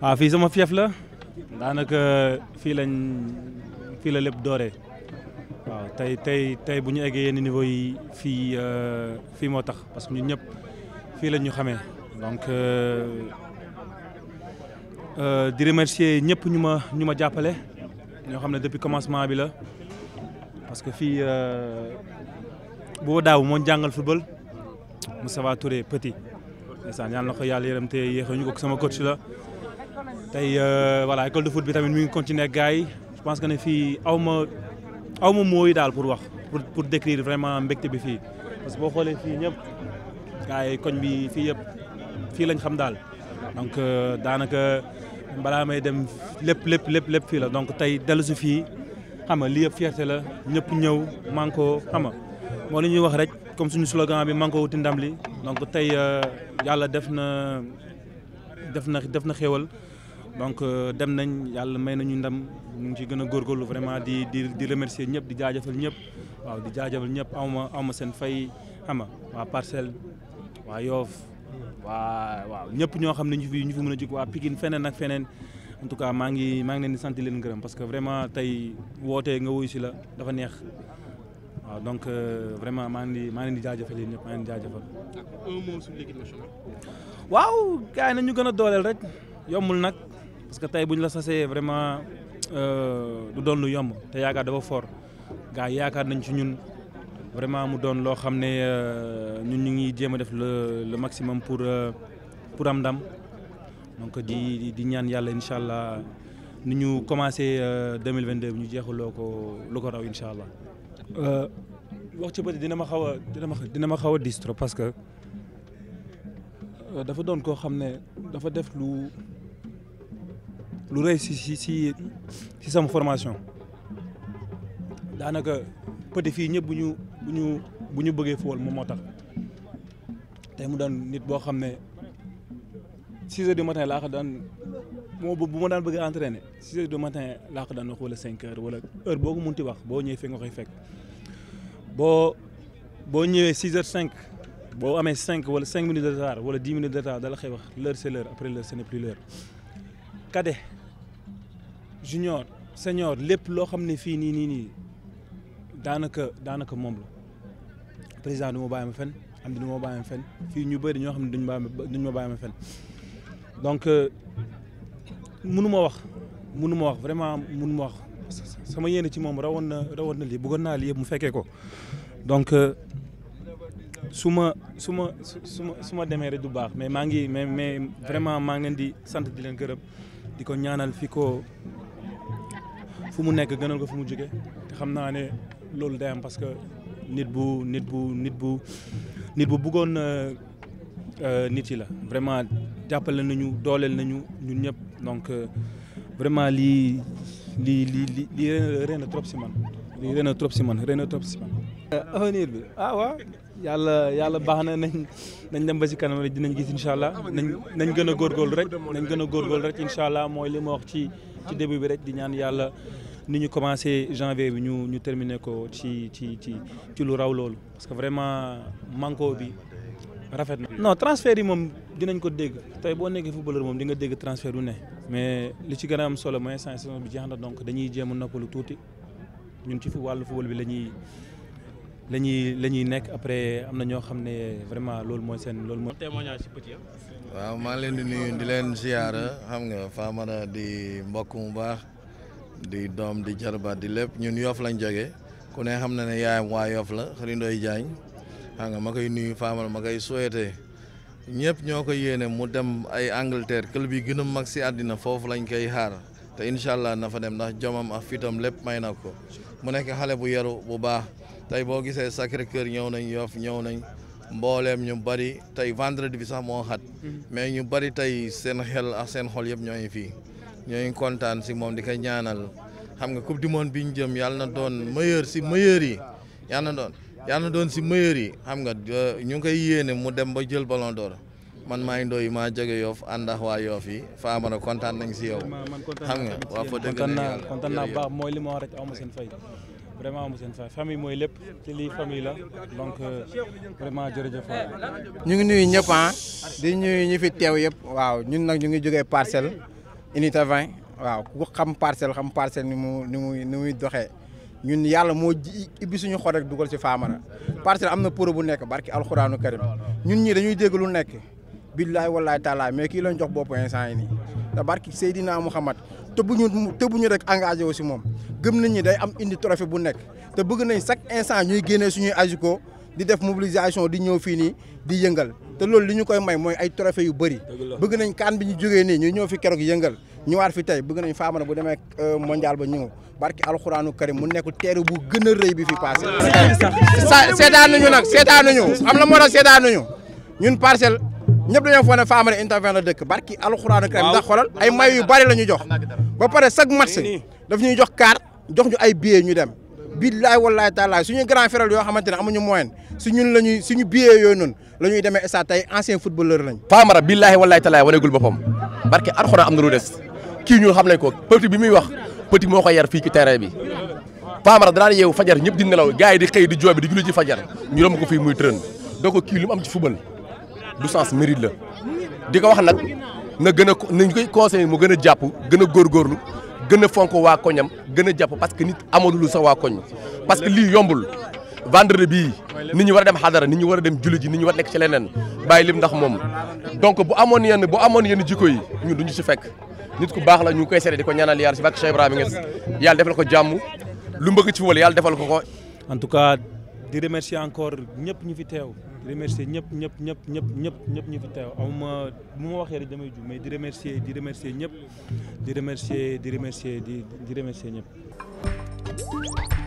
waaw ah, fii sama fief la daanaka fii lañ fii la lépp dooree waaw tey tey tey bu ñu eggee yenn niveau yi fii euh, fii moo tax parce que ñëpp fii lañ ñu xamee donc euh, euh, di remercier ñëpp ñu ma ñu ma jàppale ñoo xam ne depuis commencement bi la parce que fii boo daaw moo jàngal football Moustapha Touré petit ndeysaan yàlla na ko yàlla yërëm te yéexuñu ko sama coach la tey euh, voilà école de foot bi tamit mi ngi continuer ak gars yi je que ne fii aw ma aw ma mooy daal pour wax pour pour décrire vraiment mbégte bi fii parce que boo xoolee fii ñëpp gars koñ bi fii yëpp fii lañ xam daal donc euh, daanaka balaa may dem lépp lépp lépp lépp fii la donc tey dellu si fii xam nga lii yëpp fierté la ñëpp ñëw manko xam nga moo li ñuy wax rek comme suñu slogan bi man ko wuti ndam li donc tey euh, yàlla def na def na def na xéewal donc euh, dem nañ yàlla may nañu ndam mu ngi ci gën a góorgóorlu vraiment di di di remercier ñëpp di jaajëfal ñëpp di jaajëfal ñëpp awma awma seen fay xama waa Parcelles waa Yoff waa waaw ñëpp ñoo xam ne ñu fi ñu fi mun a jóg waa Pikine feneen ak feneen en cas maa ngi maa ngi leen di sant leen gërëm parce que vraiment tey wootee nga wuyu si la dafa neex waaw donc euh, vraiment maa ngi jaajëfal yéen ñëpp maa ngi waaw gars yi nañu gën a dooleel rek yombul nag parce que tey bu ñu la sasee vraiment euh, du doon lu yomb te yaakaar dafa fort gars yaakaar nañ ci ñun vraiment mu doon loo xam ne euh, ñun ñu ngi jéem a def lu le maximum pour pour am ndam donc di di ñaan yàlla incha allah ni ñu commencé 2022 ñu jeexuloo ko lu ko raw incha allah. Euh, wax ci dina ma xaw a dina ma dina ma xaw a diis parce que euh, dafa doon koo xam ne dafa def lu lu rëy si si si sama formation daanaka petit fii ñëpp bu ñu bu ñu bu ñu bëggee fool moom moo tax tey mu doon nit boo xam ne six heures du matin laa ko daan. moo bu ma daan bëgg a entraîner six heures du matin laa ko daan wax wala cinq heures wala heure boo ko munti wax boo ñëwee fi nga koy fekk boo boo ñëwee six heures cinq boo amee cinq wala cinq minutes de retard wala dix minutes de retard dala xëy wax l'heure c'est l'heure après l'heure ce n'est plus l'heure junior senior lépp loo xam ne fii nii nii nii daanaka daanaka moom la président du ma bàyyi ma fen am di du ma fen fii ñu bëri ñoo xam ne duñ ma duñ ma bàyyi ma fen mënu ma wax mënu ma wax vraiment mënu ma wax sama yéene ci moom rawoon na rawoon na lii bëggoon naa lii yëpp mu fekkee ko donc euh, su ma su ma su ma su ma demee rek du baax mais maa ngi mais mais vraiment maa ngi leen di sant di leen gërëm di ko ñaanal fi ko fu mu nekk gënal ko fu mu jóge te xam naa ne loolu day am parce que nit bu nit bu nit bu nit bu bëggoon euh, euh, nit yi la vraiment. jàppale nañu dooleel nañu ñun ñëpp donc euh, vraiment lii lii lii lii ren trop si man lii ren trop si man ren trop si man. Euh, avenir bi ah waaw yàlla yàlla baax na nañ nañ dem ba si kanam rek dinañ gis incha allah nañ nañ gën a góorgóorlu rek nañ gën a góorgóorlu rek incha allah mooy li ma wax ci ci début bi rek di ñaan yàlla ni ñu commencé janvier bi ñu ñu terminer ko ci ci ci ci lu raw loolu parce que vraiment manko bi. rafet na non transfert yi moom dinañ ko dégg tey boo nekkee footballeur moom di nga dégg transfert bu ne mais li ci gën a am solo mooy instant saison bi jeex na donc dañuy jéem a noppalu tuuti ñun ci wàllu football bi la ñuy la ñuy nekk après am na ñoo xam ne vraiment loolu mooy seen loolu mooy. témoignage ci petit waaw maa leen di nuyu di leen ziyaara xam nga Famara di mbokk mu baax di doom di jarbaat di lépp ñun yoof lañ jógee ku ne xam na ne yaayam waa yoof la Xarindoy Diagne. xam nga ma koy nuyu faamal ma koy souhaité ñëpp ñoo ko yéene mu dem ay Angleterre club yi gën mag si àddina foofu lañ koy xaar te incha allah nafa dem ndax jomam a fitam lépp may na ko mu nekk xale bu yaru bu baax tey boo gisee Sacré Cœur ñëw nañ Yoff ñëw nañ mbooleem ñu bari tey vendredi bi sax moo xat mm-hmm. mais ñu bari tey seen xel ak seen xol yëpp ñoo ngi fii ñoo kontaan si moom di ko ñaanal xam nga coupe du monde bi ñu jëm na doon meilleur si meilleur yi na doon yàlla na doon si meilleur yi xam nga euh, ñu ngi koy yéene mu dem ba jël ballon d'or man maa ngi ndooy maa jóge yoof ànd ak waa yoof yi Famara kontaan nañ si yow. xam nga waaw fa dëgg naa kontaan mooy li ma wax rek amu seen fay. vraiment amu seen fay famille mooy lépp ci lii famille la donc euh, vraiment jërëjëf ñu ngi nuyu ñëpp ah di nuyu ñu fi teew yëpp waaw ñun nag ñu ngi jógee parcelle unité 20 waaw ku xam parcelle xam parcelle ni mu ni muy ni muy doxee. ñun yàlla moo ibbi suñu xol rek dugal ci Famara parce que am na pour bu nekk barki alxuraanu karim ñun ñii dañuy dégg lu nekk billahi wallahi taala mais kii lañ jox bopp instant yi nii te barki Seydina Muhammad tëbuñu tëbuñu rek engagé wu moom gëm nañ ñi day am indi trophée bu nekk te bëgg nañ chaque instant ñuy génnee suñuy ajuko di def mobilisation di ñëw fii nii di yëngal te loolu li ñu koy may mooy ay trophée yu bëri bëgg nañ kaan bi ñu jógee ni ñu ñëw fi keroog yëngal ñëwaat fi tey bëgg nañu faamara bu demee euh, mondial ba ñëw barki alxuraanu karim mu nekk teeru bu gën a rëy bi fi passé. seetaan nañu nag seetaan nañu am la moo tax seetaan nañu ñun parcelle ñëpp dañoo foog ne Famara intervient la dëkk barki alxuraanu xoolal ay may yu bari la ñu jox ba pare chaque match daf ñuy jox carte jox ñu ay billets ñu dem. billaay wallaay taalaay suñu grand frère yoo xamante ne amuñu moyen su ñun la ñuy suñu billet yooyu noonu la ñuy demee stade tey ancien footballeur lañ. Famara billaay wallaay taalaay waneegul boppam barke alxuraan am na lu des. kii ñun xam nañ ko petit bi muy wax petit moo ko yar fii ci terrain bi Famara danaan yeewu fajar ñëpp di nelaw gars yi di xëy di jooy bi di julli ci fajar ñu romb ko fii muy trën donc kii lu mu am ci football du sens mérite la di ko wax nag na gën a nañ koy conseillé mu gën a jàpp gën a góorgóorlu gën a fonk waa koñam gën a jàpp parce que nit amadulu sa waa koñ parce que lii yombul vendredi bii nit ñi war a dem xadara nit war a dem julli ji nit ñi war a nekk ci leneen bàyyi lim ndax moom donc bu amoon yenn bu amoon yenn jikko yi ñun duñu ci fekk nit ku baax la ñu koy seede di ko ñaanal yàlla si bàkk Cheikh Ibrahima Niass yàlla defal ko jàmm lu mbëgg ci wala yàlla defal ko ko. en tout cas di remercier encore ñëpp ñu fi teew di remercier ñëpp ñëpp ñëpp ñëpp ñëpp ñëpp ñu fi teew amuma bu ma waxee rek damay ju mais di remercier di remercier ñëpp di remercier di remercier di di ñëpp.